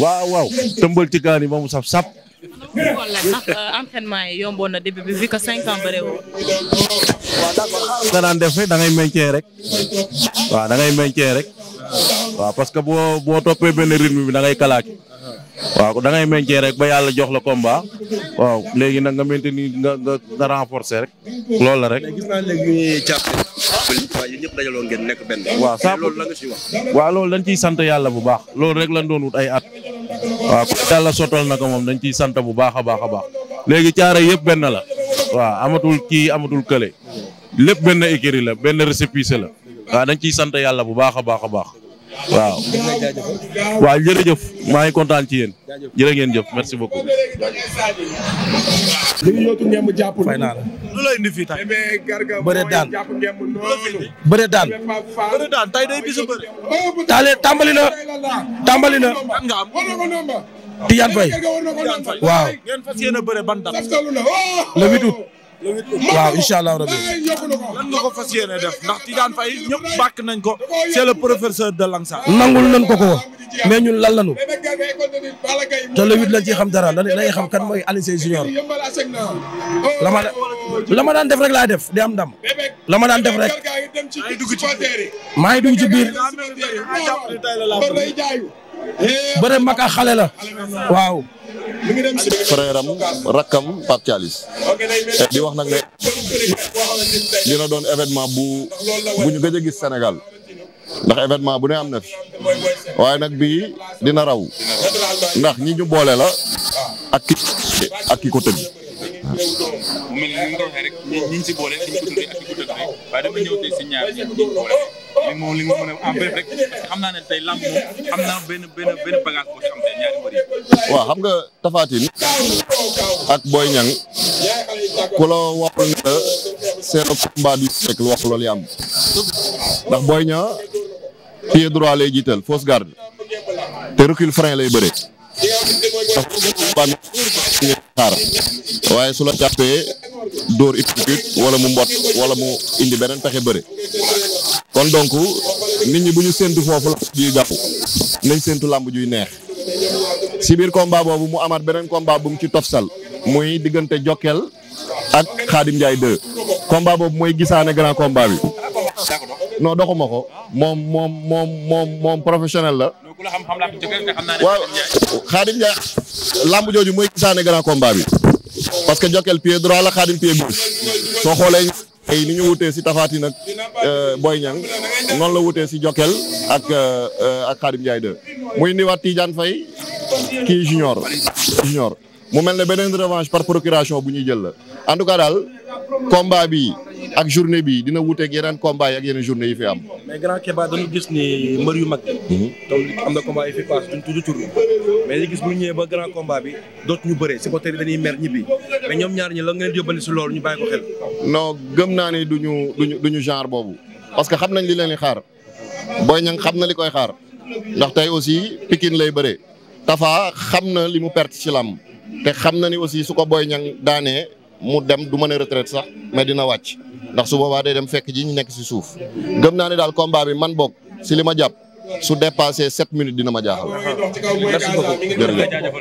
waaw waaw tëmbal ci kaan yi ba mu saf sap. ndax entraînement yi yomboon na début bi vu que cinq ans woo. waaw d'accord nga daan def da ngay meññee rek waaw da ngay meññee rek waaw parce que boo boo toppee benn bi da ngay kalaaki. waaw da ngay meññee rek ba yàlla jox la combat waaw léegi nag nga maintenir nga nga nga renforcer rek loolu la rek. gis naa léegi ñëpp dajaloo ngeen nekk benn. waaw saa loolu la nga ci wax. ciy sant yàlla bu baax loolu rek lañ doon wut ay at. waaw ku yàlla sottal na ko moom dañ ciy sant bu baax a baax a baax léegi caare yëpp benn la. waaw amatul kii amatul kële lépp benn écurie la benn récépissé la waaw dañ ciy sant yàlla bu baax a baax a baax. waa waaw jërëjëf maa ngi kontaan ci yéen jërë ngeen jëf merci beaucoup. léegi ñoo fay naa la lu lay indi fii tey. bëre daan bëre daan. bëre day bisu bëre. taale tàmbali na tàmbali na. Tidiane Faye. waaw. ngeen fas yéene bëre ban date. le 8 août. waaw incha allah rabi. lan nga ko fas yéene def ndax Tidiane Faye ñëpp bàkk nañ ko c'est la professeur de Langsar. nangul nañ ko ko mais ñun lan lañu te le huit lañ ciy xam dara lan lañ xam kan mooy Alioune Seye Junior la ma la ma daan def rek laay def di am ndam la ma daan def rek maa ngi dugg ci biir. bëre mag ak xale la waaw. frère am rakkam Pape di wax nag ne dina doon événement bu bu ñu gëj a gis Sénégal ndax événement bu ne am na fi waaye nag bi dina raw ndax ñi ñu la ak ki ak li moom li xam na benn benn benn bagage nga Tapha ak Boy Niang ku la waxul ne la seen combat du siècle wax loolu yàmb ndax Boy Niang pied droit lay jiital fausse te recul frein lay bëre. waaye su la jàppee it wala mu mbot wala mu indi beneen pexe bëre. kon donc nit ñi bu ñu séntu foofu lamb juy gàpp nañ séntu lamb juy neex si biir combat boobu mu amaat beneen combat bu mu ci tofsal muy diggante Jokkel ak Khadim Ndiaye 2 combat boobu mooy gisaane grand combat bi non doxuma ko moom moom moom moom moom professionnel la waaw Khadim Ndiaye jooju mooy gisaane grand combat bi parce que Jokkel pied la Khadim pied soo xoolee ni ñu wutee si tafaati nag Euh, Boy Niang noonu la wutee si jokel ak euh, ak Khadim Ndiaye 2 muy niwaat Tidiane Faye kii junior junior mu mel ne beneen revanche par procuration bu ñuy jël la en tout cas daal combat bi ak journée bi dina wuuteeg yeneen combat yi ak yeneen journée yi fi am. mais grand Kéba dañu gis ni mbër yu mag. donc am na combat yi fi paas duñ mais li ñëwee ba grand combat bi dootuñu bëree supporters yi dañuy mer ñibbi mais ñoom ñaar ñi la ngeen yóbbali si loolu ñu bàyyi ko xel. non gëm naa ne duñu duñu duñu genre boobu parce que xam nañ li leen di xaar Boy Niang xam na li koy xaar ndax tey aussi Pikine lay bëree Tafa xam na li mu perte ci làmb te xam na ni aussi su ko Boy Niang daanee. mu dem du mën a retraite sax mais dina wàcc ndax su boobaa day dem fekk ji nekk si suuf gëm naa ne daal combat bi man boog si li ma jàpp su dépassé sept minutes dina ma jaaxal. merci beaucoup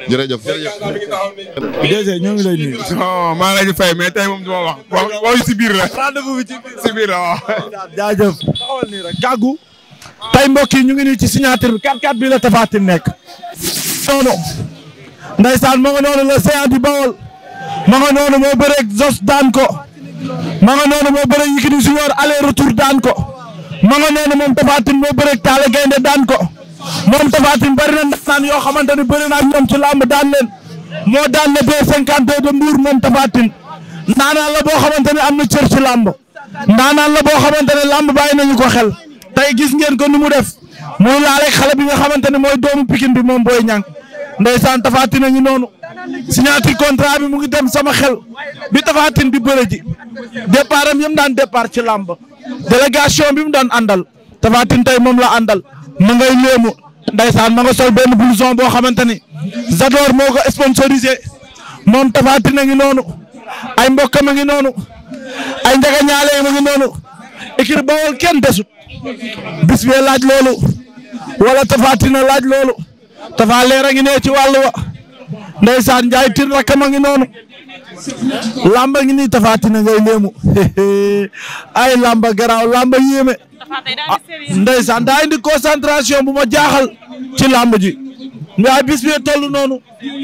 jërëjëf jërëjëf. DG ñoo ngi lay nuyu. non maa ngi lay fay mais tey si biir la. rendez-vous bi si biir la waaw. jaajëf. gàggu. tey yi ñu ngi nii ci signature bi kaat bi la Tapha nekk. noonu. ndeysaan moo la séant di Bawol. ma nga noonu moo bëreeg Zos daan ko ma nga noonu moo bëreeg Yékini Junior aller retour daan ko ma nga noonu moom Tapha Tine moo bëreeg Talla Gaynde daan ko moom Tapha Tine bari na naan yoo xamante ne naa na ak ñoom ci làmb daan leen moo daan na deux cinquante de Mbour moom Tapha Tine ndaanaan la boo xamante ne am na cër ci làmb ndaanaan la boo xamante ne làmb bàyyi nañu ko xel tey gis ngeen ko nu mu def muy laaleeg xale bi nga xamante ne mooy doomu Pikine bi moom Boy Niang ndeysaan Tapha Tine ñu noonu. signature contrat bi mu ngi dem sama xel bi Tapha Tine di bëre ji départ am yëpp départ ci làmb délégation bi mu daan àndal Tapha Tine tey moom la àndal ma ngay léemu ndaysaan ma nga sol benn blouson boo xamante ni Zador moo ko sponsorisé moom Tapha Tine a ngi noonu ay mbokkam a ngi noonu ay njaga ñaale a ngi noonu équipe Bawol kenn desut bis bee laaj loolu wala Tapha Tine laaj loolu Tapha Leer a ngi nee ci wàll ndeysaan Ndiaye tir rakkam a ngi noonu lamba ngi nii tafaatina ngay léemu ay lamba garaaw lamba yéeme ndeysaan daa indi concentration bu ma jaaxal ci làmb ji waaye bis bi toll noonu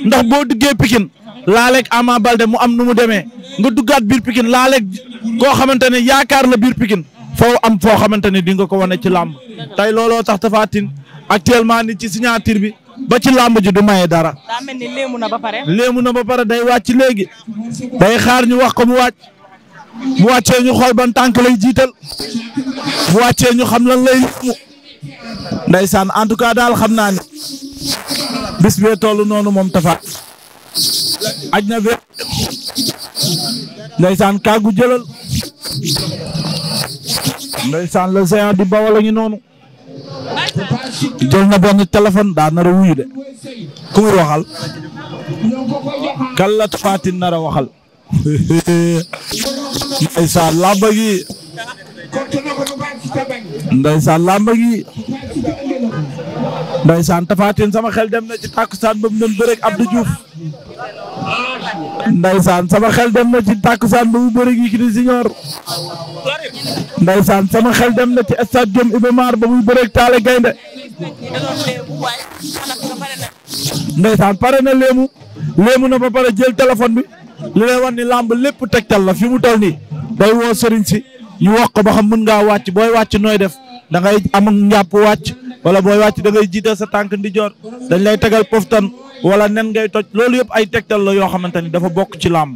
ndax boo duggee Pikine laaleeg Ama Balde mu am nu mu demee nga duggaat biir Pikine laaleeg koo xamante ne yaakaar la biir pikin foo am foo xamante ne di nga ko wane ci làmb tey looloo tax tafaatin actuellement ni ci signature bi ba ci làmb ji du maye dara. daa mel ni léemu na ba pare. léemu na ba day wàcc léegi day xaar ñu wax ko mu wàcc bu wàccee ñu xool ban tànk lay jiital bu wàccee ñu xam lan lay mu ndeysaan en tout cas daal xam naa ne bis bee toll noonu moom tafaat aj na be ndeysaan kàggu jëlal ndeysaan le géant di bawal a noonu jël na benn téléphone daa nar a wuyu de ku waxal kan la Tapha Tine nar a waxal ndeysaan làmba gi ndeysaan làmba gi ndeysaan Tapha Tine sama xel dem na ci tàkkusaan ba mu doon bëreeg Abdou Diouf Ndeysaan sama xel dem na ci tàkkusaan bu bëri gi ki di siñoor Ndeysaan sama xel dem na ci stade Iba Mar ba muy bëreeg Taale Gaynde ndeysaan pare na léemu léemu na ba pare jël téléphone bi li lay wan ni làmb lépp tegtal la fi mu toll nii day woo sëriñ si ñu wax ko ba xam mën ngaa wàcc booy wàcc nooy def dangay ngay am njàpp wàcc wala booy wàcc da ngay jiital sa tànk ndijoor dañ lay tegal poftan wala nen ngay toj loolu yëpp ay tegtal la yoo xamante ni dafa bokk ci làmb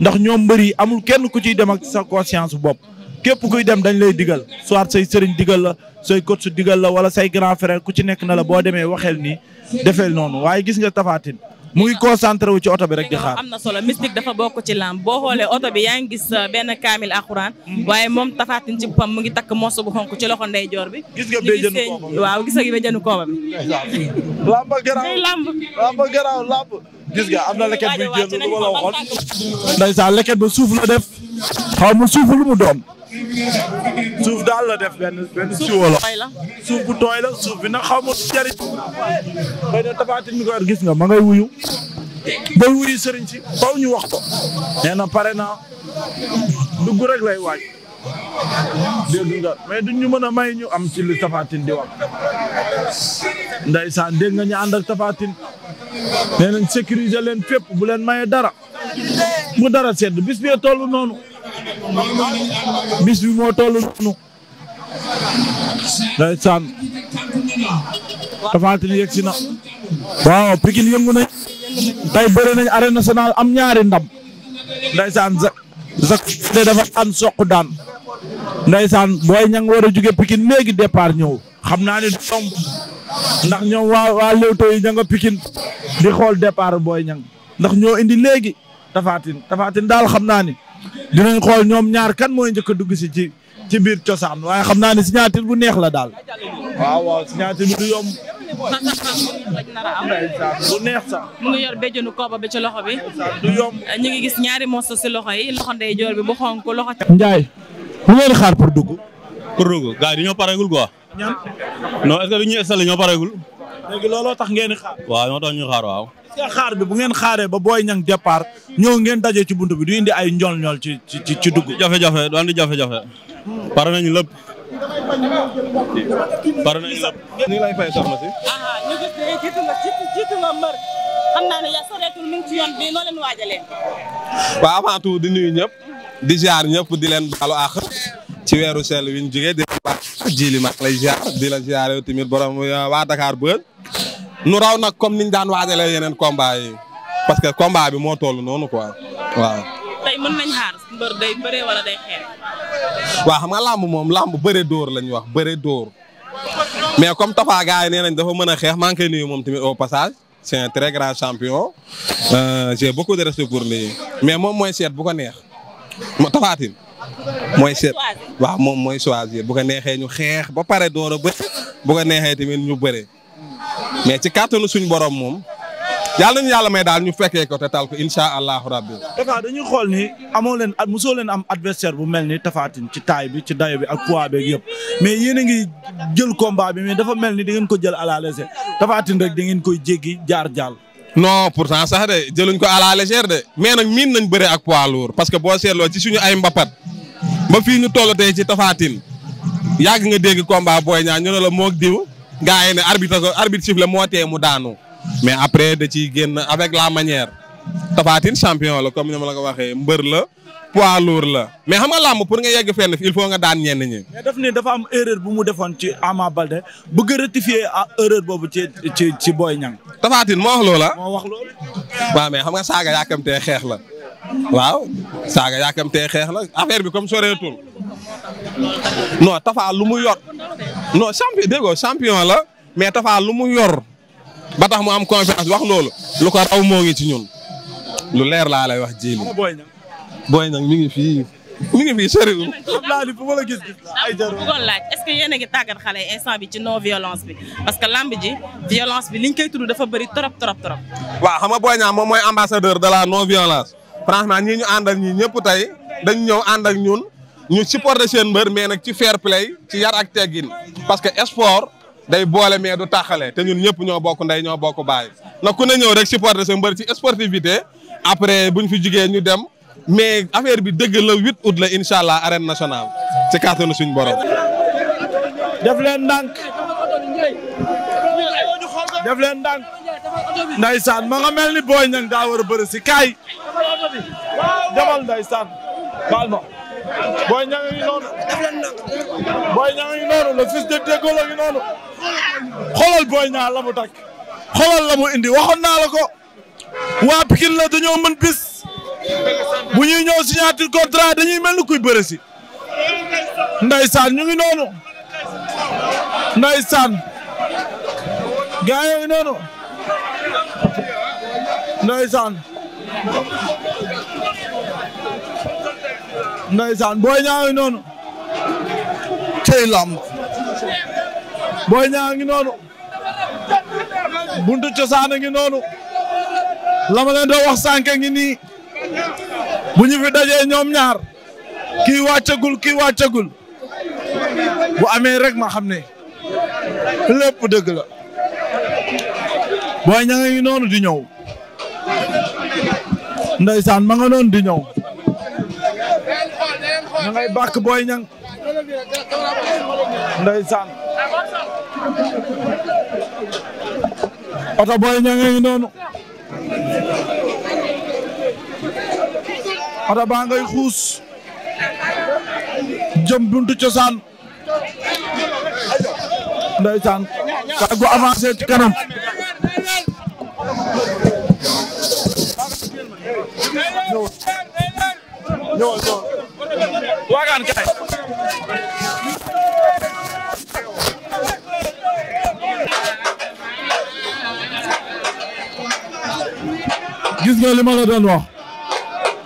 ndax ñoom mbër yi amul kenn ku ciy dem ak sa conscience bopp képp kuy dem dañ lay digal soit say sëriñ digal la say coach digal la wala say grand frère ku ci nekk na la boo demee waxeel nii defee noonu waaye gis nga tafaatin mu ngi concentré wu ci oto bi rek di xaar. am na solo mystique dafa bokk ci lamb boo xoolee oto bi yaa ngi gis uh, benn kaamil alxuraan. Hmm. waaye moom tafaatin ci boppam mu ngi takk morso bu xonk ci loxo ndeyjoor joor bi waaw gis nga béjjënu kooba bi. lamb garaaw lamb garaaw lamb. gis nga am na leket buy jël lu ma la waxoon. ndeysaan leket ba suuf la def. xaw mu suuf daal la def benn benn siwo la suuf bu tooy la suuf bi nag xaw ma jëriñ xëy na tabatin ko gis nga ma ngay wuyu bay wuyu sëriñ si faw ñu wax ko na pare na dugg rek lay waaj dégg nga mais duñ ñu mën a may ñu am ci li tafatin di wax ndeysaan dégg nga ñu ànd ak tafatin nee nañ sécuriser leen fépp bu leen maye dara bu dara sedd bis bee noonu bis bi moo toll noonu. ndeysaan. Tapha Tine yegg si na. waaw pikin yëngu nañ. tey bëre nañ arène nationale am ñaari ndam. ndeysaan Zak Zak te dafa an soq daan. ndeysaan booy ña nga war a jóge léegi départ ñëw. xam naa ne doom ndax ñëw waa waa Leewtoo yi ña nga di xool départ booy ñang ndax ñoo indi léegi Tapha Tine Tapha Tine daal xam naa ni dinañ xool ñoom ñaar kan mooy njëkk a dugg si ci biir cosaan waaye xam naa ne signature bu neex la daal waaw waaw bu neex sax. mu ngi yor béjjënu kooba bi ci loxo bi. du yomb gis ñaari monstres si loxo yi loxo ndeyjoor bi bu xonk loxo. Ndiaye mu ngeen xaar pour dugg. pour ñoo pareegul quoi. ñan non ñoo pareegul. léegi looloo tax ngeen di xaar. waaw moo ñu xaar waaw. xaar bi bu ngeen xaaree ba booy ñang départ ñëw ngeen daje ci bunt bi du indi ay njool-njool ci ci ci dugg. jafe-jafe du andi jafe pare nañu lépp. pare nañu lépp. ñu lay fay soxna si. ah, ah ñu gis ne jiitu nga jiitu nga mbër xam mu ngi ci yoon bi noo leen waajalee. di nuyu ñëpp di ziar ñëpp di leen baalu àq. ci weeru sell wi ñu jógee di la jili mag lay ziar di la ziar yow tamit borom euh, waa Dakar Buzz nu raw nag comme niñ daan waajalee yeneen combat yi parce que combat bi moo toll noonu quoi waaw. tey mën nañ xaar mbër day bëree wala day xeex. waaw xam nga làmb moom làmb bëre dóor la ñuy wax bëre dóor mais comme Tafa gars yi nee nañ dafa mën a xeex maa ngi koy nuyu moom tamit au passage c'est un très grand champion. Euh, j'ai beaucoup de respect pour lui mais moom mooy seet bu ko neex ma Tapha Tine mooy seet waaw moom mooy choisir bu ko neexee ñu xeex ba pare door a bëri bu ko neexee tamit ñu bëre mais ci kàttanu suñ borom moom yàlla nañu yàlla may daal ñu fekkee ko te tal ko incha allahu rabbi. Tafa xool ni amoo leen at mosoo leen am adversaire bu mel ni Tapha ci taay bi ci dayo bi ak poids beeg yëpp mais yéen ngi jël combat bi mais dafa mel ni da ngeen ko jël à la légère rek da ngeen koy jéggi jaar jàll. non pourtant sax de jëluñ ko à la légère de mais nañ bëre ak poids lourd parce que boo seetloo ci suñu ay mbapat. ba fii ñu toll tey ci tafaatin yàgg nga dégg combat booy ñaa ñu la moo diw gaa yi ne arbitre ko arbitre siffle moo tee mu daanu mais après da ciy génn avec la manière tafaatin champion la comme ni ma la ko waxee mbër la poids lourd la mais xam nga làmb pour nga yegg fenn il faut nga daan ñenn ñi. mais ne dafa am erreur bu mu defoon ci Ama Baldé bëgg a rectifier erreur boobu ci ci ci Boy Niang. Tapha Tine moo wax loola. moo mais xam nga saaga yàkkamtee xeex la. waaw saaga te xeex la affaire bi comme soreetul non Tafa lu mu yor non champion champion la mais Tafa lu mu yor ba tax mu am confiance wax loolu lu ko raw moo ngi ci ñun lu leer laa lay wax jéem. booy nag mi ngi fii mi ngi fii soriwul. xam naa ni bu ma la gis gis ay jarul bëggoon laaj est ce que yéen a ngi tàggat xale instant bi ci non violence bi parce que lamb ji violence bi liñ koy tudd dafa bëri trop trop trop. waaw xam nga booy ñaa mooy ambassadeur de la non violence. franchement ñii ñu àndal ñii ñëpp tey dañu ñëw ànd ak ñun ñu supporter seen mbër mais nag ci fair play ci yar ak teggin parce que sport day boole mais du taxale te ñun ñëpp ñoo bokk ndey ñoo bokk baay nag ku ne ñëw rek supporter seen mbër ci sportivité après ñu fi jugee ñu dem mais affaire bi dëgg la huit août la incha allah arène nationale ci kàttanu suñ borom. def leen ndànk ndaysaan ma nga mel ni booy ñang daa war a bëri si kaay. demal ndaysaan baal ma booy a ngi noonu booy ñang ngi noonu le fils de Déggo la ngi noonu xoolal booy ñaa la mu takk xoolal la indi waxoon naa la ko waa Pikine la dañoo mën bis bu ñuy ñëw signature contrat dañuy mel ni kuy bëre si ndaysaan ñu ngi noonu ndaysaan gaa yi ngi noonu ndeysaan ndeysaan booy ñaa ngi noonu cey lamb booy ñaa ngi noonu buntu cosaan ngi noonu lama leen doo wax sànq ngi nii bu ñu fi dajee ñoom ñaar kii wàccagul kii wàccagul bu amee rek ma xam ne lépp dëgg la booy ña ngi noonu di ñëw ndeysaan ma nga noonu di ñëw ma ngay booy booy ñang ndeysaan oto booy ñang ngi noonu oto baa ngay xuus jëm buntu cosaan ndeysaan tàggu avancé ci kanam ñëwal ñëwal. gis nga li ma la doon wax.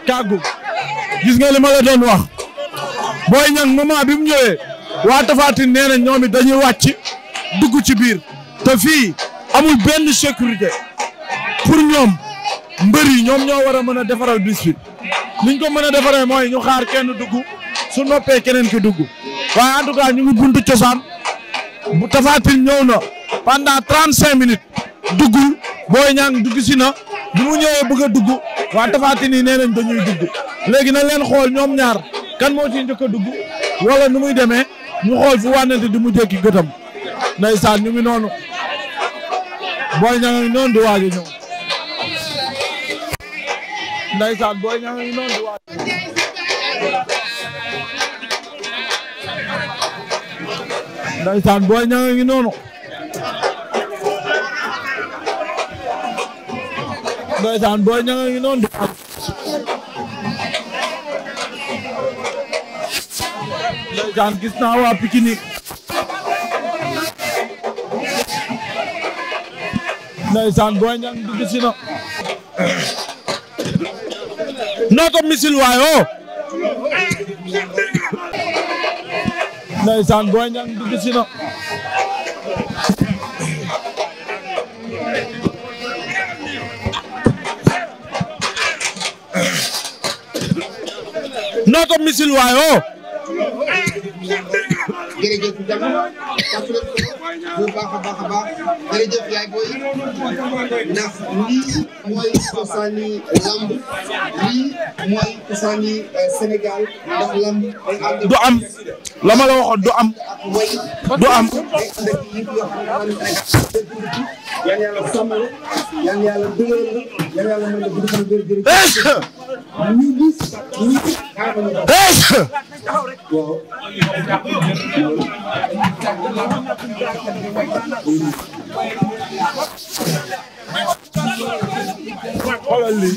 kàggu. gis nga li ma doon wax. Boy Niang moment bi mu ñëwee. waa Tapha Tine nee dañuy wàcc dugg ci biir. te fii amul benn sécurité. pour ñoom mbër yi ñoom ñoo war a mën a defaral bis bi niñ ko mën a defaree mooy ñu xaar kenn dugg su noppee keneen ki dugg waaye en tout cas ñu ngi buntu cosaan bu tafaatil ñëw na pendant trente cinq minutes duggul booy ñaang dugg si na bi mu ñëwee bëgg a dugg waa tafaatin yi nee nañ dañuy dugg léegi na leen xool ñoom ñaar kan moo ci njëkk a dugg wala nu muy demee ñu xool fu wànnante di mu jékki gëtam ndeysaan ñu ngi noonu booy ñaang noonu di waaj a ndeysaan booy ña ngi noonu di waaj ndeysaan booy ña ngi noonu ndeysaan booy ña ngi noonu di waaj noto misil waayo oh. ndeysaan Boy Niang dugg si na bu baax a baax a baax jërëjëf yaay booy ndax lii mooy cosaani lamb lii mooy cosaani euh, Sénégal ndax lamb du am la ma la waxoon du am du am yan yàlla sàmm la yan yàlla dëgëral la yan yàlla mën na gudd fan wér-gu-yaram ñu gis ñu waaw. o lii.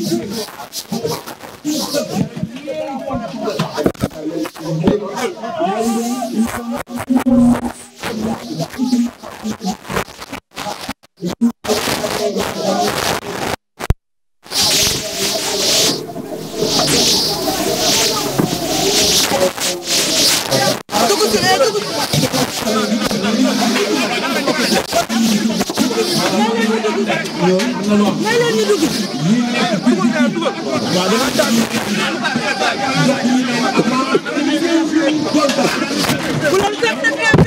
loolu dina lu am. may leen ñu dugg. lii nekk biir bi waaw dama tànn jox ko ñu ne ma bu leen fekk da ngeen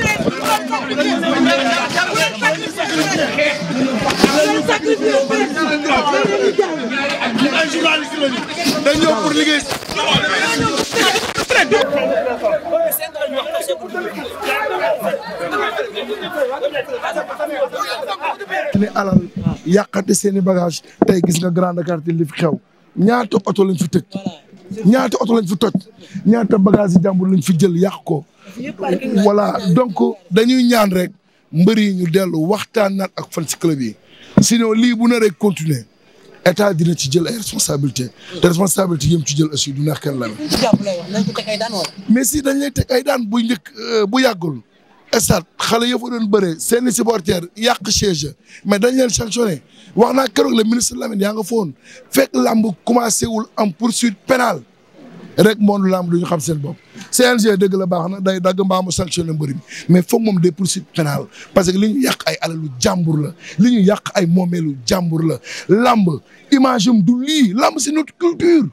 fekk bu leen sacrifié bu leen sacrifié ay journaliste lañu dañ ñëw pour liggéey ni alal yàqate seen i bagage tey gis nga grande Dakar fi kew ñaata oto lañ fi tëj ñaata oto lañ fi toj ñaata bagage yi lañ fi jël yàq ko voilà donc dañuy ñaan rek mbër yi ñu dellu waxtaan naat ak fan si club yi sinon lii bu na rek continuer état dina ci jël ay responsabilité te responsabilité yëm ci jël aussi du neex kenn la mais si dañ lay teg ay daan bu njëkk euh, bu yàggul stade xale yoo fa doon bëree seeni supporter yàq siège mais dañ leen sanctionné wax naa keroog le ministre Lamine yaa nga foon fekk làmb commencé wul am poursuite pénale rek moom làmb du ñu xam seen bopp. CNG dëgg la baax na day dagg mbaamu sanctionné mbëri mi mais foog moom des poursuites pénales parce que li ñu yàq ay alalu jàmbur la li ñu yàq ay moomeelu jàmbur la làmb image am du lii si c'est notre culture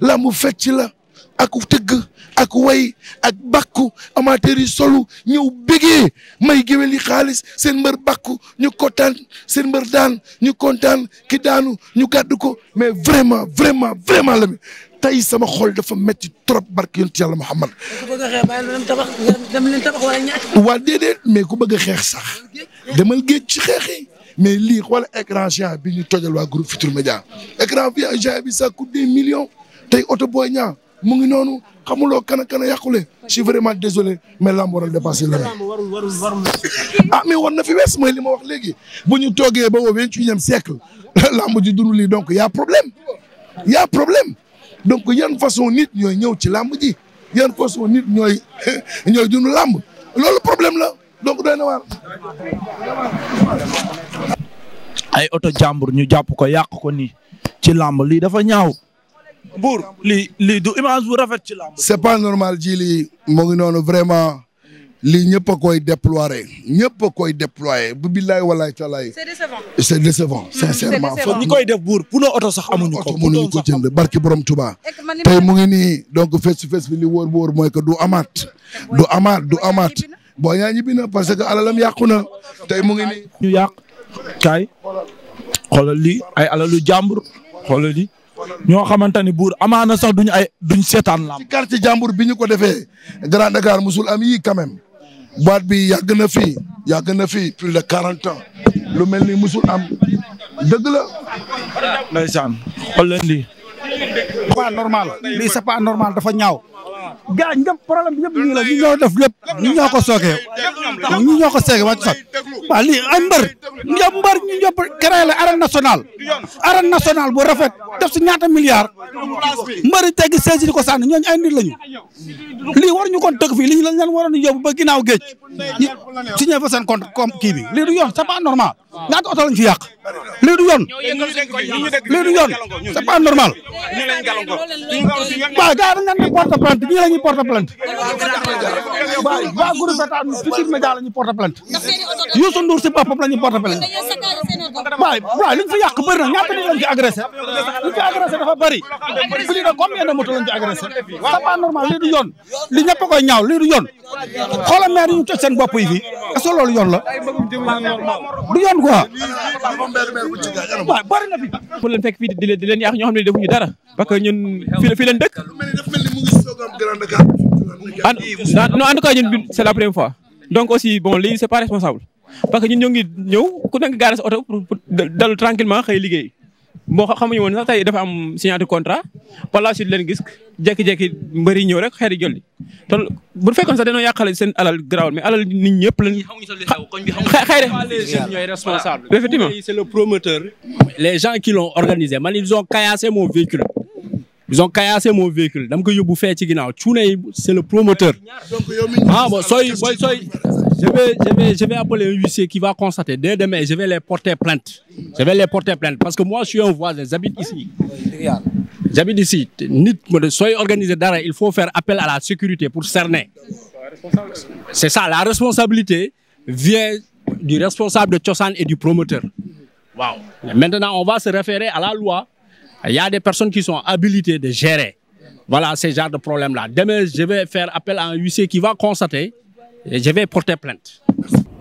làmb fecc la. ak tëgg ak way ak bàkku amateur yi solu ñëw bégee may géwél yi xaalis seen mbër bàkku ñu kontaan seen mbër daan ñu kontaan ki daanu ñu gàddu ko mais vraiment vraiment vraiment la tey sama xol dafa metti trop barke yonent yàlla Muhammad waa déedéet mais ku bëgg a xeex sax demal géej ci xeex mais liix wala écran géant bi ñu tojal waa groupe Futurs Médias écran géant bi ça coûte des oto booy ñaa mu ngi noonu xamuloo kan ak kan a yàqule je suis vraiment désolé mais lamb waral dépassé la ah mais war na fi wees mooy li ma wax léegi bu ñu toogee ba au vingt-et-unième siècle lamb ji dund lii donc y a problème y problème donc yan façon nit ñooy ñëw ci lamb ji yan façon nit ñooy ñooy dund lamb loolu problème la donc doy na waar ay oto jàmbur ñu jàpp ko yàq ko nii ci lamb lii dafa ñaaw buur lii lii du image bu rafet ci làmb. c'est pas normal ji lii mu ngi noonu vraiment lii ñëpp koy déployer ñëpp a koy déployer bu billaay walaay talaay. c'est décevant c'est décevant hmm. sincèrement. foog ñi koy def buur puno oto sax amuñu ko. mënuñu ko jënd barki borom Touba. tey mu ngi nii donc face to face bi li wóor bu wóor mooy que du amaat. du amaat du amaat. boo ñaa ñibbi na parce que alalam yàqu na tey mu ngi nii. ñu yàq kaay xoolal lii ay alalu jàmbur xoolal lii. ñoo xamante ni buur na sax duñ ay duñ seetaan lamb. ci quartier jàmbur bi ñu ko defee Grand Dakar musul am yii quand même boîte bi yàgg na fii yàgg na fi plus de quarante ans lu mel ni musul am dëgg la. ndeysaan xol leen normal dafa ñaaw. gaa ñëpp problème bi ñëpp ñu la ñu ñoo def lépp ñu ñoo ko sookee ñu ñoo ko sookee wàcc sax waaw lii ay mbër ñëpp mbër ñu ñëpp créé la arène nationale arène nationale bu rafet def si ñaata milliards mbëri teggi saisi di ko sànni ñooñu ay nit lañu lii war ñu kon tëgg fii li ñu leen waroon yóbbu ba ginnaaw géej signé fa seen compte comme kii bi lii du yoon c'est pas normal ñaata oto lañ lii du yoon lii du normal waaw gars dañ leen di porte plainte ñi la ñuy porte plainte waa waa groupe état Futurs Médias la ñuy porte plainte Youssou Ndour si boppam la ñuy porte plainte waay waay fi yàq bëri na ñaata nit lañ ci agressé liñ fi agressé dafa bëri plus de combien de moto lañ ci agressé c'est pas normal du yoon li ñëpp koy ñaaw lii du yoon xoolal maire ñu toj seen yi fii est-ce yoon la du yoon quoi waaw bëri na fi pour leen fekk fii di leen di leen yàq ñoo la fii en tout cas ñun c'est la première fois donc aussi bon lii c'est pas responsable parce que ñun ñoo ngi ñëw ku nekk gaare sa oto pour tranquillement xëy liggéey boo xamuñu woon sax tey dafa am signature contrat par la suite leen gis jekki-jekki mbëri ñëw rek xeer yi jolli te bu fekkoon sax dañoo yàqale seen alal garaawul mais alal nit ñëpp lañ xëy de ñooy responsable effectivement c'est le promoteur les gens qui l'ont organisé man ils on caillassé mon véhicule ils ont véhicule dama ko yóbbu fee ci ginnaaw c'est le promoteur. ah bon sooy booy sooy. je vais je vais je vais appeler un huissier qui va constater dès demain je vais les porter plainte. parce que moi je suis un voisin j'habite ici. j'habite ici sooy organiser dara il faut faire appel à la sécurité pour cerner. c'est ça la responsabilité vient du responsable de cosaan et du promoteur. maintenant on va se référer à la loi. Il y a des personnes qui sont habilitées de gérer voilà ces genres de problèmes-là. Demain, je vais faire appel à un huissier qui va constater et je vais porter plainte. Merci.